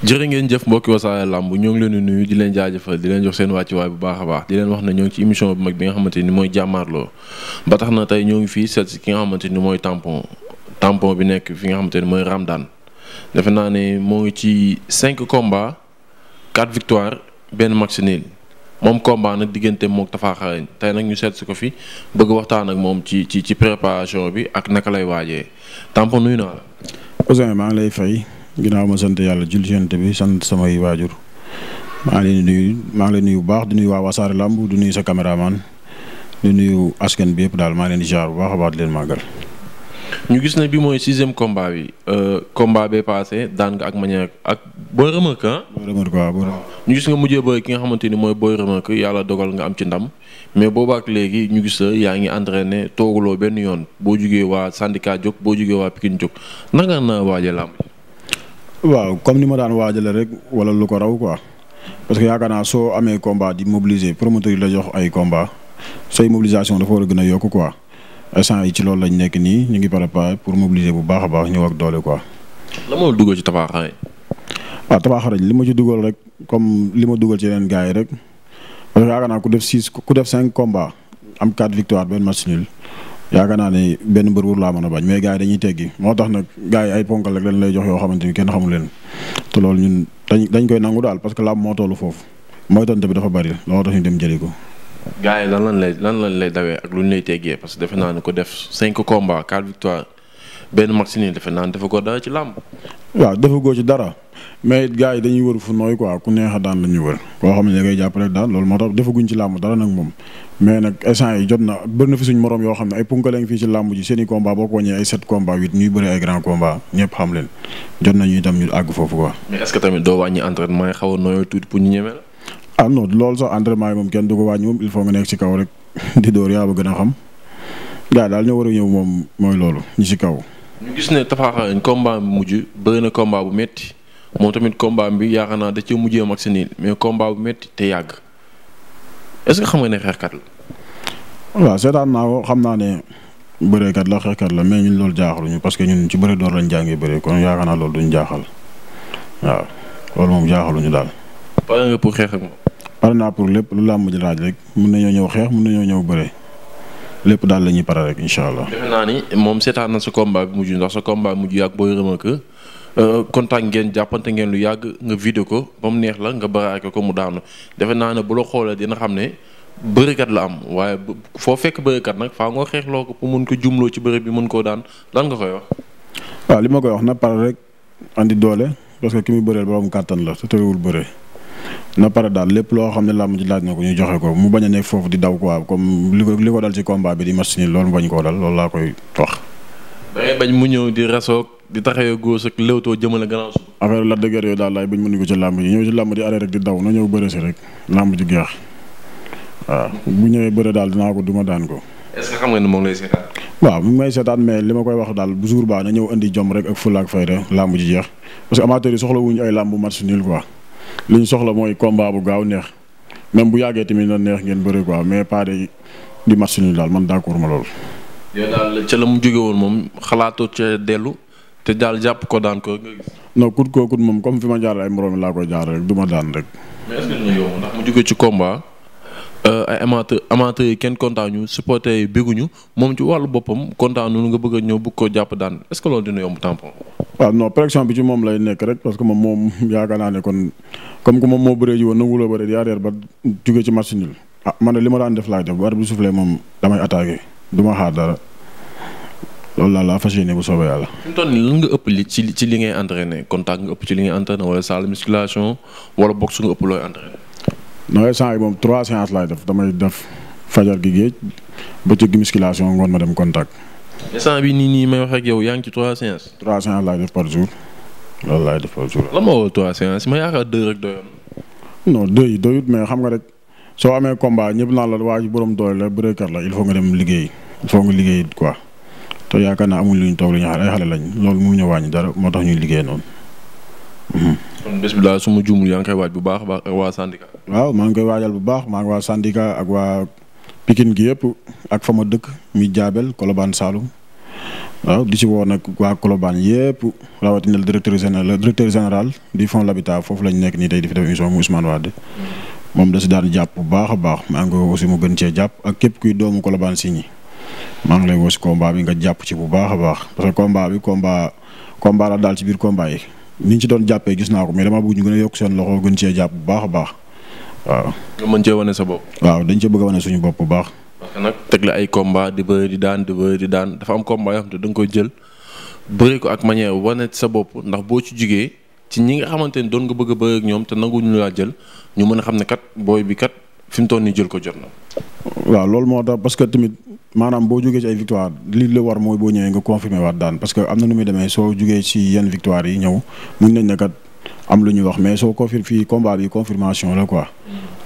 jërë ngeen jëf mbokki wasaare làmb ñoo ngi leen di nuyu di leen jaajëfal di leen jox seen wàccuwaay bu baax a baax di leen wax ne ñoo ngi ci émission bu mag bi nga xamante ni mooy jàmmaarloo ba tax na tey ñoo ngi fii seet si ki nga ni mooy tampon tampon bi nekk fi nga xamante ni mooy Ramdan defe naa ne moo ngi ci 5 combats 4 benn match nul moom combat nag diggante mook Tapha Xaragne tey nag ñu seet si ko fi bëgg waxtaan ak moom ci ci ci préparation bi ak naka lay waajee tampon nuyu naa la. maa ngi lay fay. ginaaw ma sant yàlla julli ci Yonent bi samay waajur maa ngi leen di maa ngi leen nuyu bu baax di nuyu waa Wassare Lamb du nuy sa caméraman nu nuyu askan bi yëpp daal maa ngi leen di ziar bu baax a baax leen màggal. ñu gis na bi mooy sixième combat bi euh, combat bee passé daan nga ak Maniang ak Boy Remarque ah. Boy Remarque waaw ñu gis nga mujjee bëri ki nga xamante ni mooy Boy Remarque yàlla dogal nga am ci ndam mais boobaa ak léegi ñu gis la yaa ngi entraîné tooguloo benn yoon boo jugee waa syndicat jóg boo jugee waa Pikine jóg naka nga naa waajee làmb waaw comme ni ma daan waajale rek wala lu ko raw quoi parce que yaakaar naa soo amee combat di mobiliser promoteur yi la jox ay combat sooy mobilisation dafa war a gën a yokk quoi instant yi ci loolu lañ nekk nii ñu ngi préparé pour mobiliser bu baax a baax ñëw ak doole quoi. la moo duggoo ci Tapha Xaragne. waaw ah, Tapha li ma ci dugal rek comme li ma dugal ci yeneen gars yi rek parce que yaakaar naa ku def six ku def cinq combats am quatre victoire benn match nul yaakaar naa ne benn mbër wur laa mën a bañ mais gars yi dañuy teggi moo tax nag gars yi ay ponkal rek lañ lay jox yoo xamante ni kenn xamu leen te loolu ñun dañ dañ koy nangu daal parce que làmb moo tollu foofu mooy tonte bi dafa bari looloo tax ñu dem jëli ko. gars yi lan lañ lay lan lañ lay dawee ak lu ñu lay teggee parce que defe naa ne ko def 5 combats 4 victoires benn match nii defe naa dafa ko dara ci làmb. waaw dafa goo ci dara mais gars yi dañuy wër fu nooy quoi ku neex daan la ñuy wër koo xam ne da ngay jàppale daan loolu moo tax defaguñ ci làmb dara nag moom mais nag instant yi jot na bëri na fi suñ morom yoo ay punkaleng fii ko wàññee ay sept combat huit ñuy bëri ay grand combat ñëpp foofu quoi. mais est tamit doo wàññi entraînement yi xaw a nooyoo tuuti pour ñu ñeme la. Ah ko wàññi moom il faut nga nekk ci kaw rek a xam daal ñoo war a ñëw moom mooy loolu ñi ci kaw ñu gis ne Tapha Kine combat bi mujj bëri na combat bu metti moom tamit combat bi yaakaar naa da cee mujjee mag si nii mais combat bu métti te yàgg est-ce xam nga ne xeexkat la. waaw seetaan naa ko xam naa ne bëreekat la xeexkat la mais ñun loolu jaaxaluñu parce que ñun ci bëre door lañ jàngee bëree kon yaakaar naa loolu duñ jaaxal waaw loolu moom jaaxaluñu daal. pare nga naa pour lépp lu làmb ji laaj rek mun nañoo ñëw xeex mun nañoo ñëw bëre. lépp daal la ñuy pare rek incha allah. naa ni moom seetaan na sa combat bi mujj ndax sa combat mujj yàgg booy remarque euh, kontaan ngeen jàppante ngeen lu yàgg nga vidéo ko ba mu neex la nga baraake ko mu daanu defe naa ne bu la xoolee dina xam ne bërikat la am waaye foo fekk bërikat nag faa nga xeexloo ko pour mun ko jumloo ci bëri bi mun koo daan lan nga koy wax. waaw li ma koy wax na pare rek andi doole parce que ki muy bëreel borom kàttan la te teewul bëree. na pare daal lépp loo xam ne làmb ji laaj na ko ñu joxe ko mu bañ a nekk foofu di daw quoi comme li ko li ko dal ci combat bi di match nii loolu bañ koo dal loolu laa koy wax. mu ñëw di rasoog di taxawee góos ak léwtoo jëmale gannaaw su. affaire la dëgër yooyu daal laay bañ mënu ko ci làmb ji ñëw ci làmb ji arrêté rek di daw na ñëw bëre si rek làmb bu ñëwee bëre daal dinaa ko duma daan ko. est nga ni moom lay seetaan. waaw mi may seetaan mais li ma koy wax daal bu jour baa na ñëw indi jom rek ak fulla ak fayda làmb ji jeex parce que amateur yi soxla wuñu ay làmb match nul quoi li ñu soxla mooy combat bu gaaw neex même bu yàggee tamit na neex ngeen bëri quoi mais pas de di match suñu daal man d'accord ma loolu. ca la mu jóge woon moom xalaatoo ca dellu te daal jàpp ko daan ko nga gis. kut koo kut moom comme fi ma jaar ay moroom laa koy jaar rek du ma daan rek. mais mu jóge ci komba euh, ay amateur amateur yi kenn kontaan ñu supporter yi bégguñu moom ci wàllu boppam kontaan nu nga bëgg a ñëw bëgg ko jàpp daan est-ce que loolu dina yomb tampon. waaw non pression bi ci moom lay nekk rek parce que moom moom yaakaar naa ne kon comme que moom moo bëree ji woon nangu la bëre yaa reer ba jugee ci match nul ah man de li ma daan def laay def bu arbitre bi soufflé moom damay attaqué du ma xaar dara loolu laa laa fas yéene bu soobee yàlla. fi mu toll ëpp li ci li ngay entraîné contact nga ëpp ci li ngay entraîné wala salle musculation wala boxe nga ëpp looy entraîné. nooy sànq moom trois séances laay def damay def fajar gi géej bëccëg gi musculation ngoon ma dem contact. instant bi nii nii may wax ak yow yaa ngi ci trois séances. trois séances laay def par jour loolu laay def par jour. lan moo woo trois séances ma yaakaar deux rek doyoon. non deux yi doyut mais xam nga rek soo amee combat ñëpp naan la waa ji borom doole la bëreekat la il faut nga dem liggéey il faut nga liggéey quoi te yaakaar naa amul lu ñu toog lu ñu xaar ay xale lañ loolu mu ñu wàññi dara moo tax ñuy liggéey noonu. Mhm. kon bés bi daal su ma juumul yaa ngi koy waaj bu baax a baax ak waa syndicat. waaw maa ngi koy waajal bu baax maa ngi waa syndicat Pikine gi yëpp ak fa ma dëkk mi jaabel Colobane Saloum waaw di ci woo nag waa Colobane yëpp rawatina le directeur général le directeur général du fonds l'habitat foofu lañ nekk nii tey di fi def émission mu Ousmane Wade moom da si daan jàpp bu baax a baax maa ngi aussi mu gën cee jàpp ak képp kuy doomu kolobaan si ñi maa ngi lay woo si bi nga jàpp ci bu baax a baax parce que combat bi combat combat la daal ci biir combat yi ni ñu ci doon jàppee gis naa ko mais dama bëgg ñu gën yokk seen loxo gën cee jàpp bu baax baax waaw. mën cee wane sa bopp. waaw dañ cee bëgg a wane suñu bopp bu baax. parce que nag teg la ay combat di bëri di daan di bëri di daan dafa am combat yoo xam te da koy jël bëri ko ak manière wane sa bopp ndax boo ci jugee ci ñi nga xamante ni doon nga bëgg a ak ñoom te nanguwuñu laa jël ñu mën a xam ne kat booy bi kat fi mu toll nii jël ko jot na. waaw loolu moo tax parce que tamit maanaam boo jógee ci ay victoire li la war mooy boo ñëwee nga confirmer waat daan parce que am na nu muy demee soo jógee ci yen victoire yi ñëw mun nañ ne kat am lu ñuy wax mais soo confirme fii combat bi confirmation la quoi.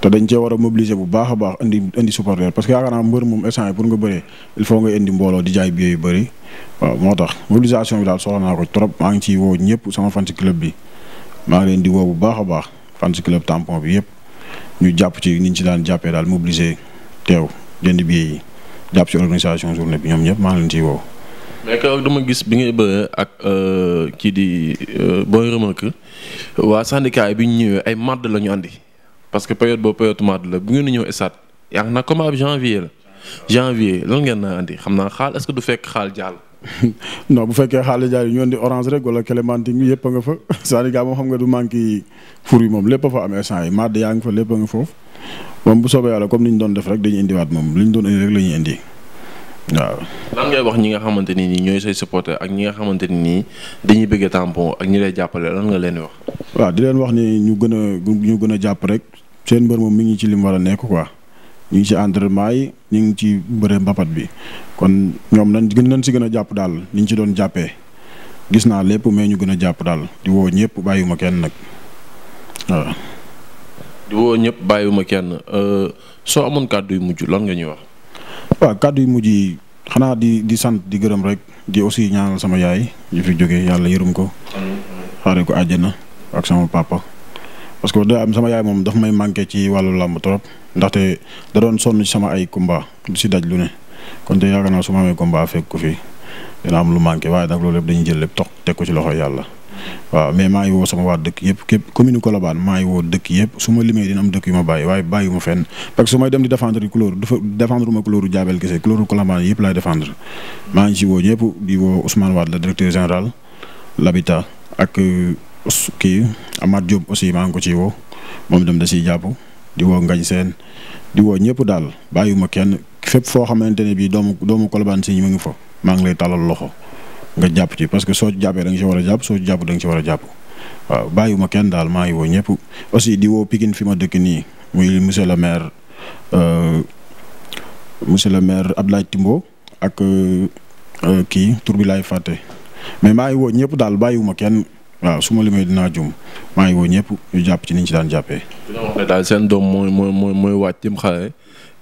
te dañ cee war a mobiliser bu baaxa baax indi indi supporter parce que yaakaar naa mbër moom instant pour nga bëree il faut nga indi mbooloo di jaay billet yu bëri moo tax mobilisation bi daal soxla naa ko trop maa ngi ciy woo ñëpp sama fan ci club bi maa ngi leen di woo bu baax a baax fan ci club tampon bi yëpp ñu jàpp ci ni ñu ci daan jàppee daal mobiliser teew jënd billet yi jàpp ci organisation journée bi ñoom ñëpp maa ngi leen ciy woo. mais keroog dama gis bi ngay bëre ak euh, kii di euh, booy remarque waa syndicat bi ñu ñëwee ay madd la ñu andi parce que période boobu période madd la bu ngeen di ñëw stade yaa ngi nag comme ab xam naa xaal est-ce que du fekk xaal jaal non bu fekkee xaal jàll ñu andi orange rek wala clémentine bi yëpp a nga fa syndicat moom xam nga du manqué fur yi moom lépp a fa am échange yi madd yaa ngi fa lépp a nga foofu moom bu soobee yàlla comme ni ñu doon def rek dañuy indiwaat moom li ñu doon waaw lan ngay wax ñi nga xamante ni nii ñooy say supporter ak ñi nga xamante ni nii dañuy bëgg tempo ak ñi lay jàppale lan nga leen wax. waaw di leen wax ni ñu gën a ñu gën a jàpp rek seen mbër moom mi ngi ci lim war a nekk ko ñu ngi ci entraînement yi ñu ngi ci mbëre mbapat bi kon ñoom nañ gën nañ si gën a jàpp daal ni ci doon jàppee gis naa lépp mais ñu gën a jàpp daal di woo ñëpp bàyyiwuma kenn nag waaw. di woo ñëpp bàyyiwuma kenn euh, soo amoon kàddu yu mujj lan nga ñuy wax. waaw kàddu yi mujj yi xanaa di di sant di gërëm rek di aussi ñaanal sama yaay yu fi jógee yàlla yërëm ko. xaaree ko àjjana ak sama papa. parce que da am sama yaay moom daf may manqué ci wàllu làmb trop ndaxte da doon sonn sama ay combat du si daj lu ne kon te yaakaar naa su ma amee combat fekk ko fii dina am lu manqué waaye nag loolu lépp dañuy jël lépp toog teg ko ci loxo yàlla. waaw mais maa ngi woo sama waa dëkk yëpp képp commune Colobane maa ngi woo dëkk yëpp su ma limee dina am dëkk yu ma bàyyi waaye bàyyi ma fenn parce que su may dem di défendre couleur dafa défendre ma couleur jaabel kese couleur Colobane yëpp maa ngi si woo ñëpp di woo Ousmane Wade le directeur général labita ak euh, kii Amath Diop aussi maa ngi ko ciy woo moom dem da siy jàpp di woo Ngañ Seen di woo ñëpp daal bàyyiwuma kenn fépp foo xamante ne bii doomu doomu Colobane si ñu ngi fa maa ngi lay tàllal loxo nga jàpp ci parce que soo jàppee da nga ci war a jàpp soo jàpp da nga ci war a jàpp waaw bàyyiwuma kenn daal maa ngi woo ñëpp aussi di woo Pikine fi ma dëkk nii muy monsieur le maire euh, monsieur le maire laaj Timbo ak euh, kii tur bi laay fàtte mais maa ngi woo ñëpp daal bàyyiwuma kenn waaw su ma limee dinaa jum maa ngi woo ñëpp ñu jàpp ci niñ ci daan jàppee. dina seen doom mooy mooy mooy wàcc ci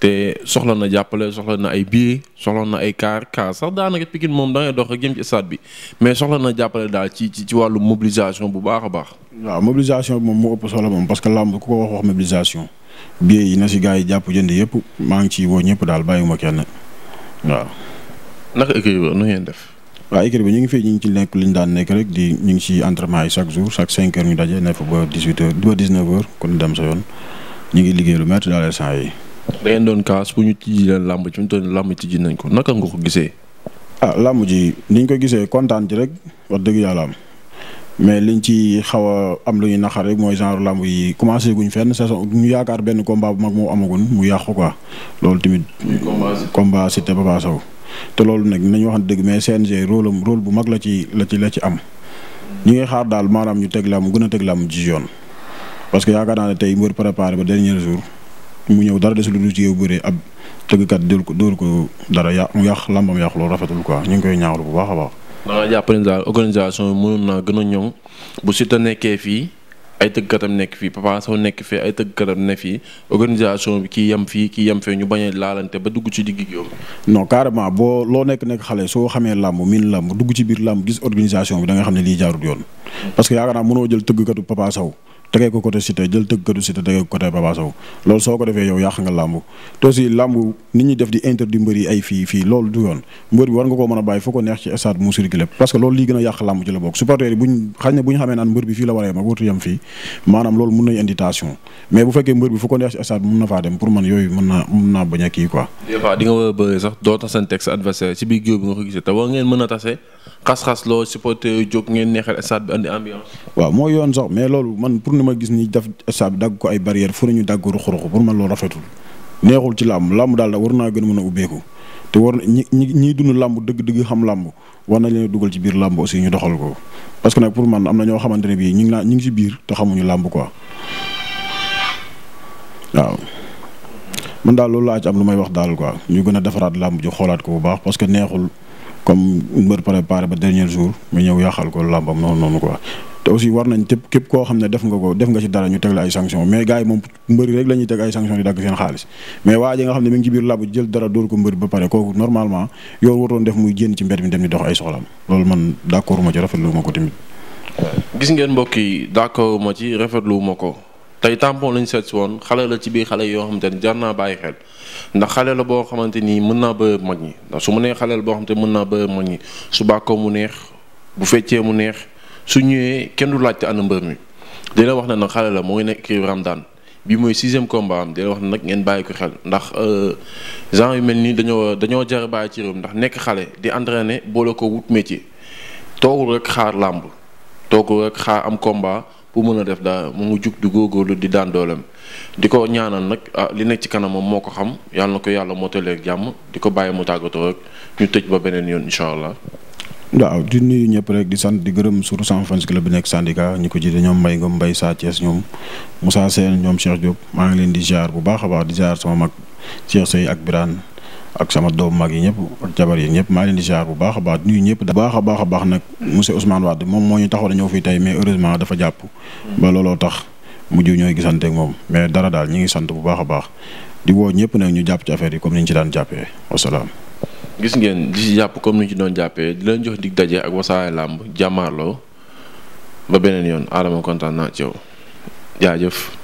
te soxla na jàppale soxla na ay billets soxla na ay car car sax daanaka Pikine moom da ngay dox rek jëm ci stade bi mais soxla na jàppale daal ci ci wàllu mobilisation bu baax a baax. waaw mobilisation bi moom moo ëpp solo moom parce que làmb ku ko wax wax mobilisation billets yi na si gars yi jàpp jënd yëpp maa ngi ciy woo ñëpp daal bàyyiwuma kenn waaw. naka écurie bi nu ngeen def. waaw écurie bi ñu ngi fi ñu ngi ci nekk li ñu daan nekk rek di ñu ngi ci entraînement yi chaque jour chaque cinq heures ñu daje dem sa yoon ñu ngi liggéey lu métti daal instant yi da ngeen doon kaas bu ñu tijji leen làmb ci ñu doon làmb tijji nañ ko naka nga ko gisee. ah làmb ji niñ ko gisee kontaan ji rek wax dëgg yàlla am mais liñ ci xaw a am lu ñuy naxar rek mooy genre làmb yi commencé guñ fenn saison ñu yaakaar benn ko bu mag moo amagun mu yàqu quoi loolu tamit. combat Siteu Papa Sow te loolu nag nañ waxante dëgg mais CNG rôle am rôle bu mag la ci la ci la ci am ñu ngi xaar daal maanaam ñu teg làmb gën a teg làmb ji yoon parce que yaakaar naa ne tey mbër préparé ba dernier jour. mu ñëw dara desul lu ci yow bëree ab tëggkat dóor ko dóor ko dara yàq mu yàq làmbam yàq loolu rafetul quoi ñu ngi koy ñaaru bu baax a baax. maanaam jàpp nañ daal organisation bi mënoon naa gën a ñoŋ bu Siteu nekkee fii ay tëggkatam nekk fii Papa Sow nekk fii ay tëggkatam ne fii organisation bi kii yem fii kii yem fee ñu bañ a laalante ba dugg ci digg yow. non carrément boo loo nekk nekk xale soo xamee làmb miin làmb dugg ci biir làmb gis organisation bi da xam ne lii jaarut yoon. Mm. parce que yaakaar naa mënoo jël tëggkatu Papa Sow tegee ko côté Cité jël tëggkatu Cité tegee ko côté Papa Sow loolu soo ko defee yow yàq nga làmb te aussi làmb nit ñi def di interdit mbër yi ay fii fii loolu du yoon mbër bi war nga koo mën a bàyyi foo ko neex ci stade mun na faa dem pour man yooyu mën naa mën kii quoi di nga war a bëri sax doo tasante ak sa adversaire ci biir géew bi nga ko gisee te war ngeen mën a tase xas-xas loo supporter yooyu jóg ngeen neexal stade bi andi ambiance. waaw moo yoon sax mais loolu man pour ni ma gis ni daf stade bi dagg ko ay barrière fu ñu dagg ruxu-ruxu pour man loolu rafetul neexul ci làmb làmb daal la war naa gën a mën a te war ñi ñi ñiy dund làmb dëgg-dëgg xam làmb war nañ leen dugal ci biir làmb aussi ñu doxal ko parce que nag pour man am na ñoo xamante ne bii ñu ngi naa ñu ngi ci biir te xamuñu làmb quoi waaw. man daal loolu laa am lu may wax daal quoi ñu gën a defaraat làmb ji xoolaat ko bu baax parce que neexul. comme mbër préparé ba dernier jour mu ñëw yàqal ko làmbam noonu noonu quoi te aussi war nañ tépp képp koo xam ne def nga ko def nga ci dara ñu teg la ay sanction mais gars yi moom mbëri rek la nga xam ne mi ngi ci biir làmb jël dara dóor ko mbëri ba pare kooku normalement yow waroon def muy génn ci mbedd mi dem di dox ay soxlaam loolu man d'accord ma ci rafetlu ma ko tamit gis ngeen mbokk yi d'accord ma ci rafetlu ma ko tey tampon lañ seet woon xale la ci biir xale yoo xamante ni jar naa bàyyi xel ndax xale la boo xamante ni mën naa bëre mag ñi su mu nee xale la boo xamante mën naa bëre mag su bàkkoo mu neex bu feccee mu neex su ñëwee kenn du laajte ana mbër mi dina wax na nag xale la moo ngi nekk kii Ramadane bi muy sixième combat am dina wax ne nag ngeen bàyyi ko xel ndax euh, genre yu mel nii dañoo dañoo jar bàyyi ci réew ndax nekk xale di entraîner boole ko wut métier toogul rek xaar làmb toogul rek xaar am combat. pour mën a def daa mu ngi jug di góorgóorlu di daan dooleem di ko ñaanal nag ah li nekk ci kanamam moo ko xam yàlla na ko yàlla motaleeg jàmm di ko bàyyi mu tàggatoo rek ñu tëj ba beneen yoon incha allah. waaw di nuyu ñëpp rek di sant di gërëm surtout sama fans club bi nekk syndicat ñu ko jiite ñoom Mbaye Ngom Mbaye Sa Thiès ñoom Moussa Sène ñoom Cheikh Diop maa ngi leen di ziar bu baax a baax di jaar sama mag Cheikh sëy ak Birane ak sama doom mag yi ñëpp ak jabar yi ñëpp maa leen di ziar bu baax a baax nuyu ñëpp da baax a baax a baax nag monsieur Ousmane Wade moom moo ñu taxaw na ñëw fii tey mais heureusement dafa jàpp ba looloo tax mujj ñooy gisante moom mais dara daal ñu ngi sant bu baax a baax di woo ñëpp nag ñu jàpp ci affaire yi comme ni ñu ci daan jàppee wasalaam gis ngeen di si jàpp comme ni ñu ci doon jàppee di leen jox dig daje ak Wassare Lamb jàmmaarloo ba beneen yoon Adama kontaan naa ci yow jaajëf